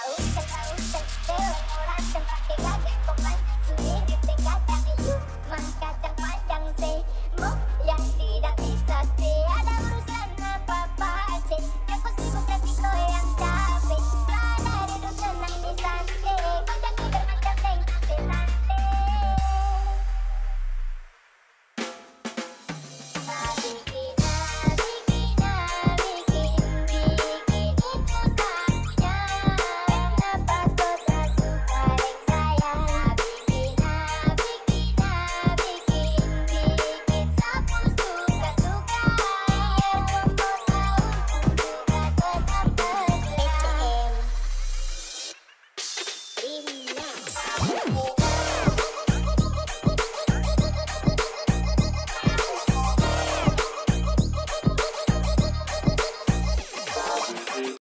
House, house, house, house.